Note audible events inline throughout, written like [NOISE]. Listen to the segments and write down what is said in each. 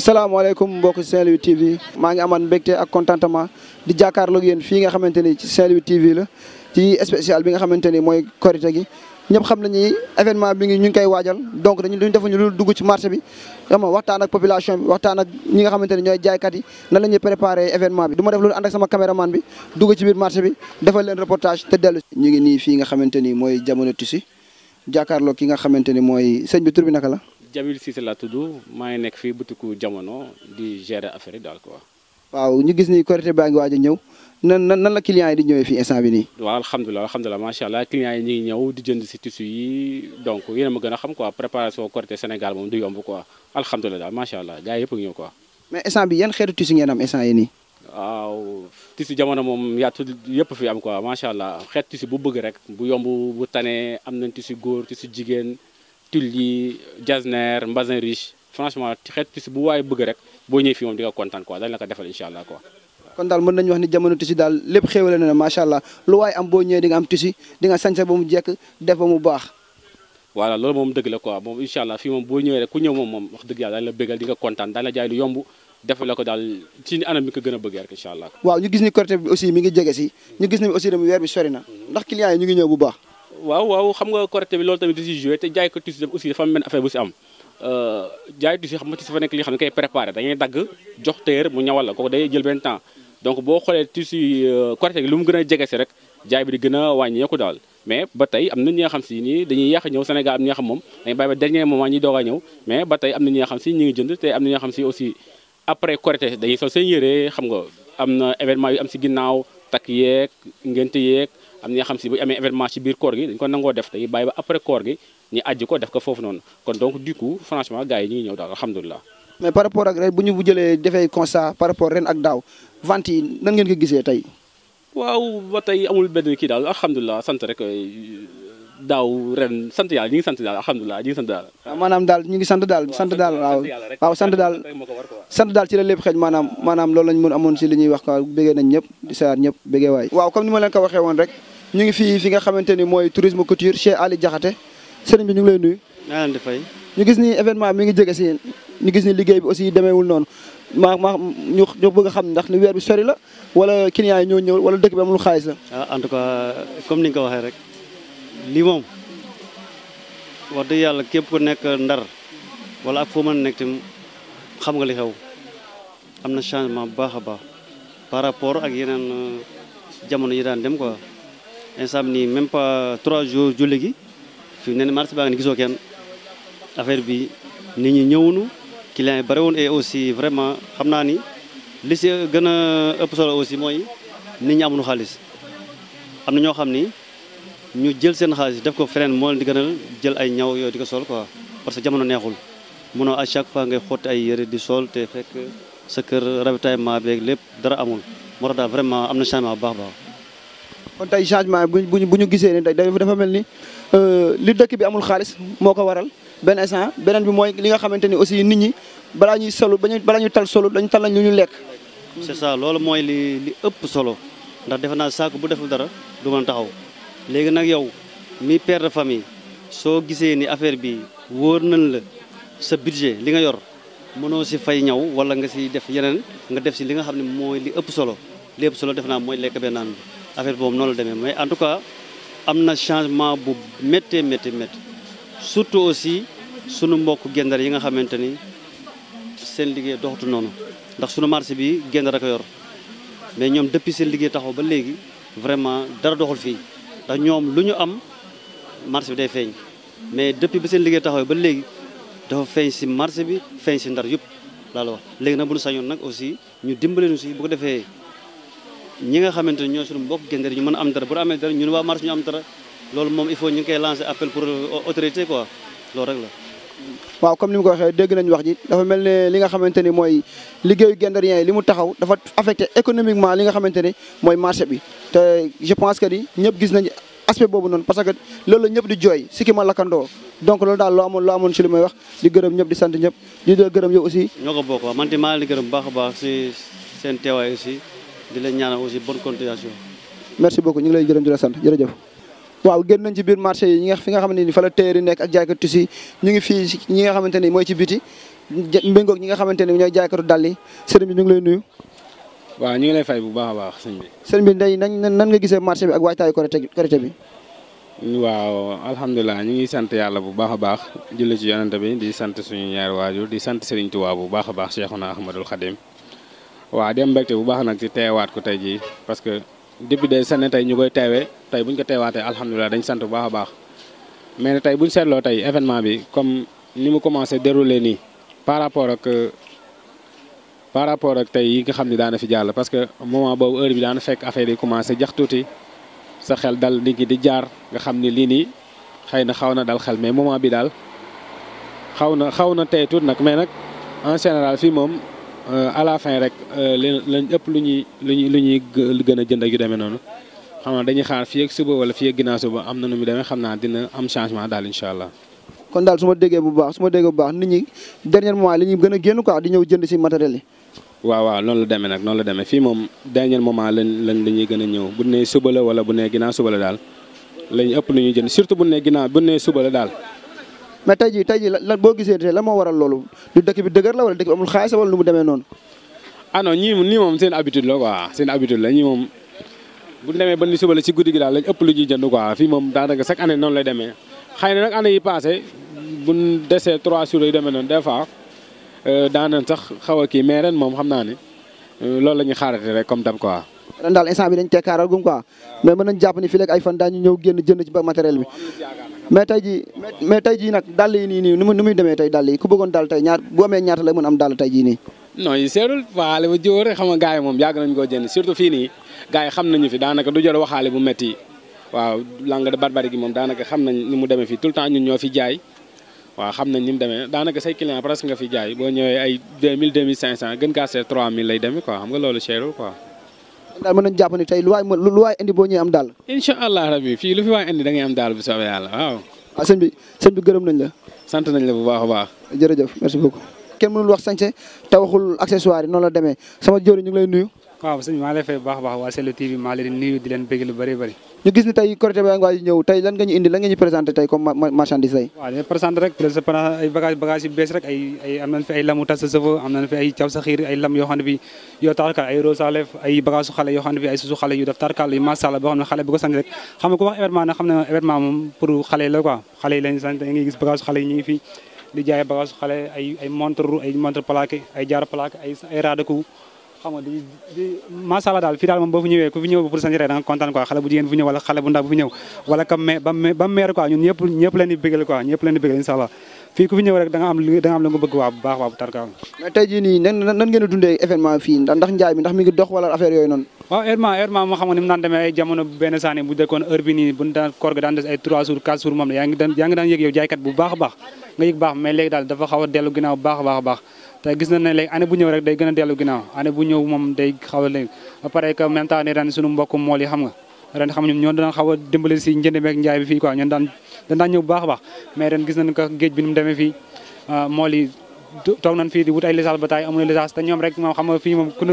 Assalamualaikum mbokk Saint Louis TV ma ngi amane mbégte ak contentement di jàkkaarloog yeen fi nga xamanteni ci Saint Louis TV la ci spécial bi nga xamanteni moy mooy gi ñep xam nañu événement bi ngi ñu ngi koy donc dañu luñ defuñu lu dugg ci marché bi xam wata waxtaan ak population bi waxtaan ak ñi nga xamanteni ñoy jaay kat yi na lañu préparer événement bi duma def loolu and ak sama cameraman bi dugg ci bir marché bi defal leen reportage te delu ñi ngi ni fi nga xamanteni moy jamono tisi jakarlo ki nga xamanteni moy mooy bi tur bi Jamil Cissé la tudd maa nekk fii butiku jamono di gérer affaire yi daal quoi. waaw ñu gis ni corité baa ngi waaj a ñëw nan nan la clients yi di ñëwee fi instant bi nii. waaw alhamdulilah alhamdulilah macha allah clients yi ñu ngi ñëw di jënd si tissu yi donc yéen a ma gën a xam quoi préparation corité Sénégal moom du yomb quoi alhamdulilah macha allah gars yi yëpp ñëw quoi. mais instant bi yan xeetu tissu ngeen am instant yi nii. waaw tissu jamono moom yaatu yëpp fi am quoi macha allah xeet tissu bu bëgg rek bu yomb bu tane am nañ tissu góor tissu jigéen. tulli jazner mbazin riche franchement xeet tissu bu way bëgg rek bo ñëw fi mom di nga kontaan quoi dañ la ko defal inshallah quoi kon dal mën nañ wax ni jamono tisi dal lepp xéewale na ne macha allah lu way am bo ñëw di nga am tisi di nga sañse bu mu jekk def ba mu baax wala lool mom deug la quoi mom inshallah fi mom bo ñëw rek ku ñëw mom mom wax deug yàlla dañ la bëggal di nga kontaan dañ la jaay lu yomb def la ko dal ci anam bi ko gëna bëgg rek inshallah waaw ñu gis ni Korité bi aussi mi ngi jege si ñu gis ni aussi dem wër bi sori na ndax client yi ñu ngi ñëw bu baax waaw waaw xam nga Korité bi loolu tamit di si joué te jaay ko tissu aussi dafa am benn affaire bu si am euh, jaay tissu xam nga tissu fa nekk li xam ne koy préparé euh, bi lu mu gën a jege si rek daal mais ba tey na ñi nga xam si nii dañuy yàq ñëw Sénégal am na ñi nga xam moom dañuy bàyyi ba a am na ñi nga xam si ñi nga xam na événement yu am si ginnaaw takk yeeg ngénte yeeg am na nga xam si bu amee événement ci biir koor gi dañ ko nangoo def dañuy bàyyi ba après koor gi ñu àjji ko def ko foofu noonu kon donc du coup franchement gars yi ñu ngi ñëw daal alhamdulilah. mais par rapport ak ren bu ñu bu jëlee defee constat par rapport ren ak daaw vente yi nan ngeen ko gisee tey. waaw ba tey amul benn kii daal alhamdulilah sant rek. Euh, daaw ren sant yàlla ñu ngi sant daal alhamdulilah ñu ngi sant daal. ngi sant daal sant daal waaw waaw sant daal sant daal ci la lépp xëj maanaam maanaam loolu lañ mën amoon si li ñuy wax quoi bëggee nañ ñëpp di saar ñëpp bëggee waay. waaw comme ni ma leen ko waxee woon rek ñu ngi fii fi nga xamante ni mooy tourisme couture chez Ali Diakhaté bi ñu ngi lay nuyu. ñu gis ni événement mi ngi jege si ñu gis ni liggéey bi aussi demeewul noonu maa maa ñu bëgg a xam ndax ni weer bi sori la wala client yi ñoo ñëw wala dëkk bi amul xaalis la. Ah, comme ni nga ko waxee rek lii moom wax dëgg yàlla képp ku nekk ndar wala ak foo mën a nekk tam xam nga li xew am na changement bu baax a baax par rapport ak yeneen euh, jamono yi daan dem ko instant bi nii même pas trois jours julli gi fi ne marché baa ni gisoo kenn affaire bi nit ñi ñëwunu clients yi bari woon aussi vraiment xam naa ni li si gën a ëpp solo aussi mooy nit ñi amuñu xaalis am na ñoo xam ni ñu jël seen xaalis def ko fenen mo leen di gënal jël ay ñaw yo di ko sol quoi parce que jamono neexul mëno à chaque fois ngay xotti ay yéré di sol té fekk sa kër ravitaillement bék lépp dara amul mo tax daal vraiment amna changement bu baax baax kon tay changement buñu buñu gisé né tay dafa melni euh li dëkk bi amul xaalis moko waral ben instant benen bi moy li nga xamanteni aussi nit ñi bala ñuy solo bañu bala ñuy tal solo dañu tal ñu ñu lek c'est ça loolu moy li li ëpp solo ndax defe naa saako bu deful dara du mën taxaw léegi nag yow mi per de famille soo gisee ni affaire bi wóor nañ la sa budget li nga yor mënoo si fay ñaw wala nga si def yeneen nga def si li nga xam ne mooy li ëpp solo li ëpp solo def naa mooy lekk bee naan affaire boobu noonu la demee mais en cas am na changement bu méttee métti métti surtout aussi sunu mbokk gendar yi nga xamante ni seen liggéey doxatu noonu ndax sunu marché bi gendar a ko yor mais ñoom depuis seen liggéey taxaw ba léegi vraiment dara doxul fii ta euh, ñom luñu am marché bi day feñ mais depuis bi seen liggéey taxaw ba légui do feñ ci marché bi feñ ci ndar yup la la wax légui na buñu ñu nak aussi ñu dimbalé ñu ci bu ko défé ñi nga xamanteni ñoo suñu mbokk gënder ñu mëna am dara bu amé dara ñun wa marché ñu am dara loolu mom il faut ñu ngi koy lancer appel pour euh, autorité quoi loolu rek la waaw comme ni mu ko waxee dégg nañu wax ji dafa mel ne li nga xamante ni mooy liggéeyu guet yi li mu taxaw dafa affecté économiquement li nga xamante ni mooy marché bi te je pense que ni ñëpp gis nañ aspect boobu noonu parce que loolu la ñëpp di jooy si ki ma lakkandoo donc loolu daal loo amoon loo amoon si li may wax di gërëm ñëpp di sant ñëpp di la gërëm yow aussi ñoo ko bokk man te maa leen di gërëm baax a baax si seen teewaay aussi di leen ñaanal aussi bonne continuation merci beaucoup ñu ngi lay gërëm di la sant jërëjëf waaw génn nañ ci biir marché yi ñi nga fi nga xamante ni fa la téré nek ak jaaykat ci ñu ngi fi ñi nga xamanteni moy ci biti mbengok ñi nga xamanteni ñoy ñooy jaaykatu dàll yi sëriñ bi ñu ngi lay nuyu waaw ñu ngi lay fay bu baax baax sëriñ bi sëriñ bi day nañ nan nga gisee marché bi ak waytaay ko korité korité bi waaw alhamdullilah ñu ngi sante yalla bu baax baax jël ci yonent bi di sante suñu ñaar waajur di sante sëriñ tuwa bu baax baax Cheikhuna Ahmadul Khadim waaw dem bekté bu baax nak ci téwaat ko tay ji parce que depuis des années tey ñu koy teewe tey buñ ñu ko teewaatee alhamdulilah dañ sant bu baax a baax mais ne tey bu ñu seetloo tey événement bi comme ni mu commencé déroulé nii par rapport ak par rapport ak tey yi nga xam ne daana fi jàll parce que moment boobu heure bi daana fekk affaire yi commencé jax tuuti sa xel dal nit ñi di jaar nga xam ni lii nii xëy na xaw na dal xel mais moment bi daal xaw na xaw na tey tuuti nag mais nag en général fii moom Euh, à la fin rek euh, lañ ëpp lu ñuy lu ñuy lu ñuy gën a jënd ak yu demee noonu xam naa dañuy xaar fii ak suba wala fii ak ginnaaw suba am na nu muy deme xam naa dina am changement daal incha allah. kon daal suma ma déggee bu baax su ma déggee bu baax nit ñi dernier moment li ñuy gën a génn quoi di ñëw jënd si matériel yi. waaw waaw noonu la demee nag noonu la demee fii moom dernier moment lañ la ñuy gën a ñëw bu nee suba la wala bu nee ginaa suba la daal lañ ëpp lu ñuy jënd surtout bu ne ginnaaw bu ne daal mais tey jii tey jii lan boo gisee lan moo waral loolu du dëkk bi dëgër la wala dëkk bi amul xaalis wala lu mu demee noonu. ah non ñii nii moom seen habitude la quoi seen habitude la ñii moom bu ñu demee ba ni la si guddi gi lañ ëpp lu ñuy jënd quoi fii moom daanaka chaque année noonu lay demee xëy na nag année yi passé bu desee trois jours yu demee noonu des fois euh, daanañ sax xaw a kii mais ren moom xam naa ne euh, loolu la ñuy xaarate rek comme dam quoi. ren daal instant bi dañ tekkaaral gum quoi mais mën nañ jàpp ni fii ay fan daañu ñëw génn jënd ci matériel bi. mais tey ji mais tey nag dàll yi nii nii nu muy demee tey dàll yi ku bëggoon dàll tey ñaar bu amee ñaata la mën am dàll tey jii nii non yi seerul waxaale ba jiw rek xam nga moom yàgg nañ koo jënd surtout fii nii gars yi xam nañu fi daanaka du jël waxaale bu métti waaw gi moom daanaka xam nañ ni mu demee fii tout le temps ñun ñoo fi jaay waaw xam nañ ni mu demee daanaka say client presque nga fi jaay boo ñëwee ay 2000 2500 gën kaa seer 3000 lay demee quoi xam nga loolu seerul quoi daal mën nañu jàpp ni tey lu waay lu waay indi boo ñëwee am daal incha allah rabbi fii lu fi waay indi da am daal bu soobee yàlla waaw waaw ah, sëñ bi sëñ bi gërëm nañ la sant nañ la bu baax a baax jërëjëf merci beaucoup kenn mënul wax sañse te waxul accessoire yi noonu la demee sama jóori ñu lay nuyu waaw sëñ maa lay baax baax waa Seelu TV maa leen nuyu di leen bëgg lu bëri bëri ñu gis ni tey Korité baa ngi waaj ñëw tey lan nga présenté tey comme marchandise tey présenté rek ay bagage bagage yu fi ay susu xale yu def tarkal yu masala boo xam ne xale bu ko rek xam nga ku wax événement nag xam ne événement moom pour xale la quoi xale yi lañ sant ngay gis bagage xale yi ñu ngi fi xale ay montre ay ay jaar plaqué xam nga di daal fii daal moom boo fi ñëwee ku fi ñëw pour sanjre da nga kontaan xale bu jigéen bu ñëw wala xale bu ndaw bu ñëw wala kam me ba meer quoi ñun ñëpp ñëpp leen di ñëpp leen di bégal incha allah ku fi ñëw rek da am da nga bëgg waa bu baax waa bu tarkaaw mais tey jii nii nan nan a dundee événement fii ndax njaay mi ndax mi ngi dox wala affaire yooyu noonu waaw événement événement moo xam nga ni mu daan demee ay jamono benn saani bu a baax a te gis nañ ne léegi année bu ñëw rek day gën a dellu ginnaaw année bu ñëw moom day xaw a léegi ba pare que même temps ni ren suñu mbokk mool yi xam nga ren xam ñun ñoo daan a dimbali a baax mais ren géej bi nu mu demee fii ah, mool yi toog nañ fii di wut ay licence ba taay amuñu licence te ñoom rek moom xam nga fii moom ku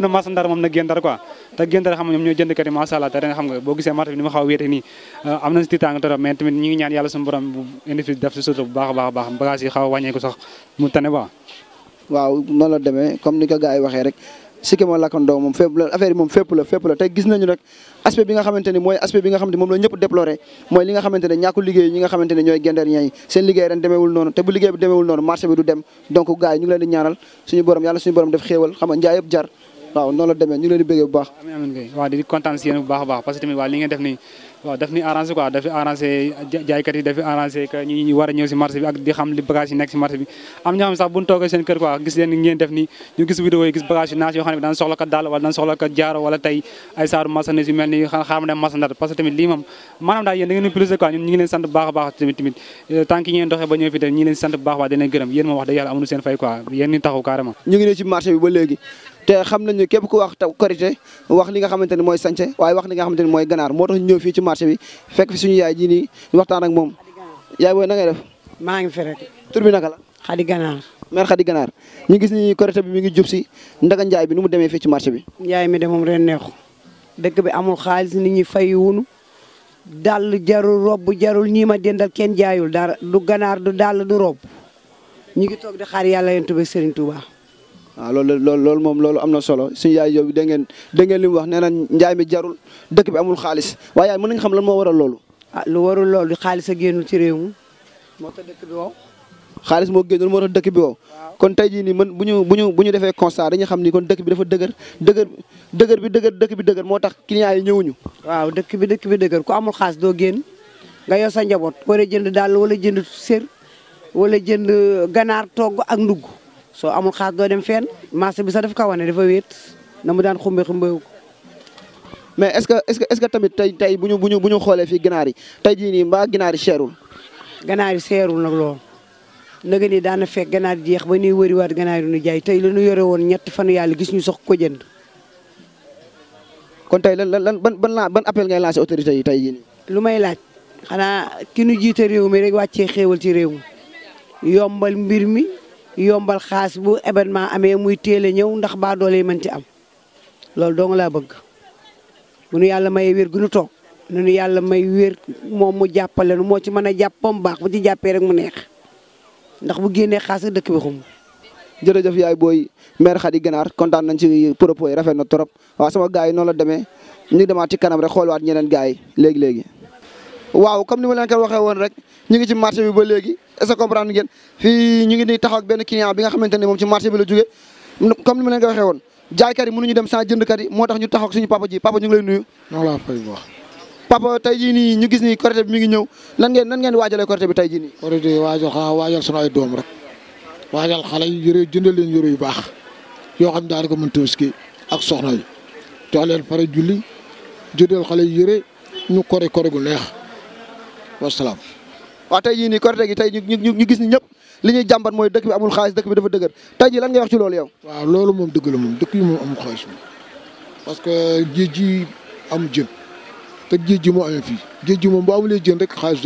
na ku moom na génn ndar quoi te génn ndar xam nga ñoom ñoo jëndkat yi macha te ren xam nga boo gisee marché bi ni ma xaw a nii ah, am nañ si tiitaang trop mais tamit ñi ngi ñaan yàlla suñu borom bu indi fi def a waaw noonu la demee comme ni ko gars yi waxee rek sikki ma lakkandoo moom fépp la affaire yi moom fépp la fépp la te gis nañu rek aspect bi nga xamante ni mooy aspect bi nga xamante ni moom la ñëpp déploré mooy li nga xamante ne ñàkku liggéey ñi nga xamante ne ñooy gendarmerie yi seen liggéey ren demeewul noonu te bu liggéey bi demeewul noonu marché bi du dem donc gars yi ñu ngi ñaanal suñu borom yàlla suñu borom def xéewal xam nga yëpp jar waaw noonu la demee ñu leen di bu baax amiin tamit waaw li ngeen def nii waaw daf ni arrangé quoi dafi arrangé jaaykat yi def nii gis vidéo yi gis bagage yoo xam ne soxla ko daal wala daan soxla ko jaaro wala tey ay saaru marchandise yu mel ni xaaral dem marchandise parce tamit lii moom maanaam daal yéen da ngeen plus quoi ñun ñu leen sant baax baax tamit tamit euh, tant que ngeen doxee ba ñëw fi tamit ñu ngi sant baax a baax dinañ gërëm yéen moom wax dëgg yàlla te xam nañu képp ku wax taw korité wax li nga xamante ne mooy sànce waaye wax li nga xamante ne mooy ganaar moo tax ñu ñëw fii ci marché bi fekk fi suñu yaay ji nii waxtaan ak moom yaay booy na ngay def. maa ngi fi rek. tur bi naka la. xadi ganaar. mère xadi ganaar ñu gis ni korité bi mi ngi jub si ndaga njaay bi nu mu demee fii ci marché bi. njaay mi de moom ren neexu dëkk bi amul xaalis nit ñi fay wunu dàll jarul robb jarul ñii ma dendal kenn jaayul dara du ganaar du dàll du robb ñu ngi toog di xaar yàlla yonent bi Serigne Ah, loolu loolu moom loolu am solo suñu yaay yow da ngeen da ngeen li mu wax nee njaay mi jarul dëkk bi amul xaalis waaye yaay mën nañ xam lan moo waral loolu ah lu warul loolu xaalis a génnul ci réew mi moo tax dëkk bi wow xaalis moo génnul moo tax dëkk bi wow kon tey jii nii man bu ñu bu ñu bu ñu defee constat dañuy xam ni kon dëkk bi dafa dëgër dëgër dëgër bi dëgër dëkk bi dëgër moo tax yi ñëwuñu waaw dëkk bi dëkk bi dëgër ku amul xaalis doo génn nga yor sa njaboot war a jënd dàll wala jënd sér wala jënd ganaar togg ak ndugg soo amul xaas doo dem fenn marché bi sax daf ko wane dafa wéet na mu daan xumbe xumbewu ko mais est-ce que est-ce que est tamit tey tey bu ñu bu ñu bu ñu xoolee fii ginaar yi tey jii nii mbaa ginaar yi seerul. ganaar yi seerul nag lool nag nii daana na fekk ganaar yi jeex ba nuy wëriwaat ganaar yi nu jaay tey la ñu yore woon ñetti fanu yàlla gis ñu sox ko jënd. kon tey lan lan ban ban ban appel ngay lancé autorité yi tey jii nii. lu may laaj xanaa ki nu jiite réew mi rek wàccee xewal ci réew mi yombal mbir mi. yombal xaalis bu événement amee muy teel a ñëw ndax baa doole mën ci am loolu dong laa bëgg bu nu yàlla may wér gu nu toog nu nu yàlla may wér moom mu jàppale nu moo ci mën a jàpp mu baax bu jàppee rek mu neex ndax bu génnee xaalis ak dëkk bi xum. jërëjëf yaay booy maire Khady Ganaar kontaan nañ ci propos yi rafet na trop waaw sama gars yi noonu la demee ñu demaat ci kanam rek xoolwaat ñeneen gars yi léegi léegi. waaw comme ni leen ko waxee woon rek ñu ngi ci marché bi ba léegi. est-ce que comprendre ngeen ñu ngi nii taxaw ak benn client bi nga xamante ne moom ci marché bi la jógee comme ni ma leen ko waxee woon jaaykat yi mënuñu dem sans jëndkat yi moo tax ñu taxaw ak ñu papa ji papa ñu ngi lay nuyu jii nii ñu gis nii Korité bi mi ngi ñëw nan ngeen nan ngeen waajalee Korité bi tey jii nii Korité waajal xanaa waajal sunu ay doom rek waajal xale yi yëre jëndal leen yëre yu baax yoo xam daal ko mën tabaski ak soxna yi jox leen pare julli jëndal xale yi yëre ñu kori kori gu neex wasalaam waaw tey jii nii korite gi tey ñu ñu gis ni ñëpp li ñuy dëkk bi amul xaalis dëkk bi dafa dëgër tey jii lan ngay wax ci loolu yow waaw loolu dëgg la dëkk yi amul xaalis moom parce que géej ji am jën te géej ji moo amee fii géej ji moom bu amulee rek du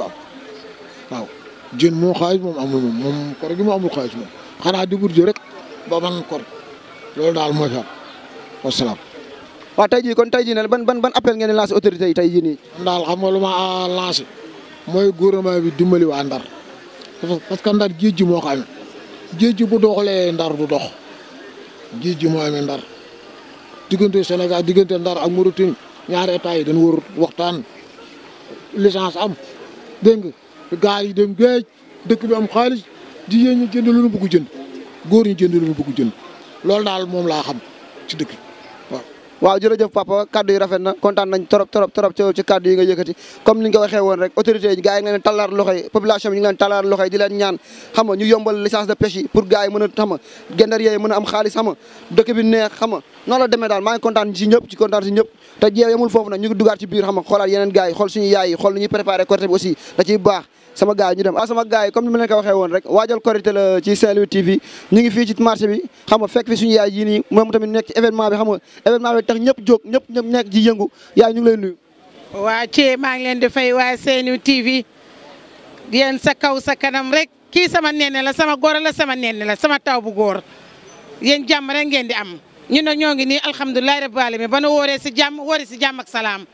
am waaw jën amul moom moom korite gi amul xaalis moom xanaa di burjo rek ba man kor loolu daal mooy fa wasalaam waaw tey kon ne ban ban ban appel ngeen lancé autorité yi tey jii nii daal xam nga mooy gouvernement bi dimbali waa Ndar parce que Ndar géej gi moo ko amee géej gi bu doxalee Ndar du dox géej gi moo amee Ndar diggante Sénégal diggante Ndar ak Mauritanie ñaari état yi dañu war waxtaan licence am dégg nga gaal yi dem géej dëkk bi am xaalis di ñi jënd lu ñu bëgg jënd góor ñi jënd lu ñu bëgg jënd loolu daal moom laa xam ci dëkk waaw jërëjëf papa kaddu yi rafet na kontaan nañ trop trop trop ci kaddu yi nga yëkkati comme ni nga ko a a am xaalis xam nga ah, Louis TV ñu ngi fii ci marché bi xam fekk fi suñu yaay yi nii moom tamit nekk ci événement bi xam événement bi tax ñëpp jóg ñëpp ñëpp nekk ji yëngu yaay ñu ngi lay nuyu. waa ci maa ngi leen di fay waa Seenu TV yéen sa kaw sa kanam rek kii sama nenne la sama góor la sama nenne la sama taw bu góor yéen jàmm rek ngeen di am ñu ne ñoo ngi nii alhamdulilah rabbil alamin ba nu wooree si jàmm wooree si jàmm ak salaam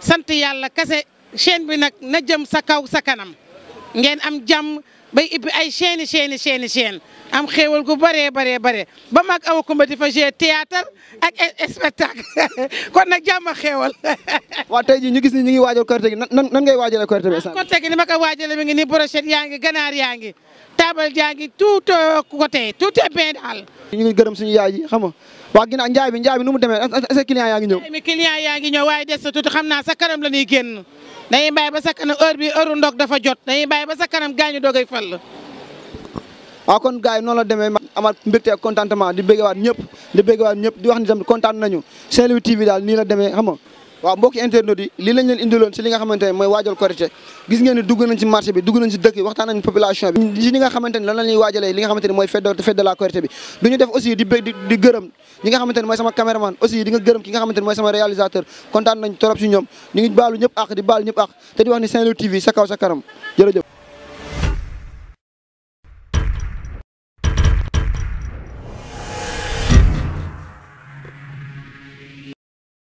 sant yàlla kese chaîne bi nag na jëm sa kaw sa kanam ngeen am jàmm. bay ibbi ay chaîne chaîne chaîne chaîne am xéewal gu bëree bëree bëree ba mag awa kumba di fa jouer théâtre ak spectacle [LAUGHS] kon nag jàmm ak xéewal. [LAUGHS] waaw tey jii ñu gis ni ñu ngi waajal korite gi nan nan ngay waajalee korite bi. Ah, korite gi ni ma ko waajalee mi ngi ni brochette yaa ngi ganaar yaa ngi taabal yaa ngi tout euh, côté tout est bien daal. ñu ngi gërëm suñu yaay ji xam nga waa ginnaaw njaay bi njaay nu mu demee est-ce yaa ngi ñëw. waaye des na tuuti xam naa sa kanam la ñuy génn. dañuy bàyyi ba sa kanam heure bi heure ndog dafa jot dañuy bàyyi ba sa kanam gaañu doog ay fal. waaw kon gars yi noonu la demee mag amaat mbégte ak contentement di waat ñëpp di waat ñëpp di wax ni tamit kontaan nañu Saint-Louis TV daal nii la demee xam waaw mbokki internet yi lii lañ leen indiloon si li nga xamante ne mooy waajal korité gis ngeen ne dugg nañ si marché bi dugg nañ si dëkk yi waxtaan nañ population bi si li nga xamante ne lan la ñuy waajalee li nga xamante ne mooy fête fête de la bi du def aussi di gërëm ñi nga xamante mooy sama caméraman aussi di nga gërëm ki nga xamante mooy sama réalisateur kontaan nañ trop si ñoom ñu ngi baalu ñëpp ak di baalu ñëpp ak te di wax sa kaw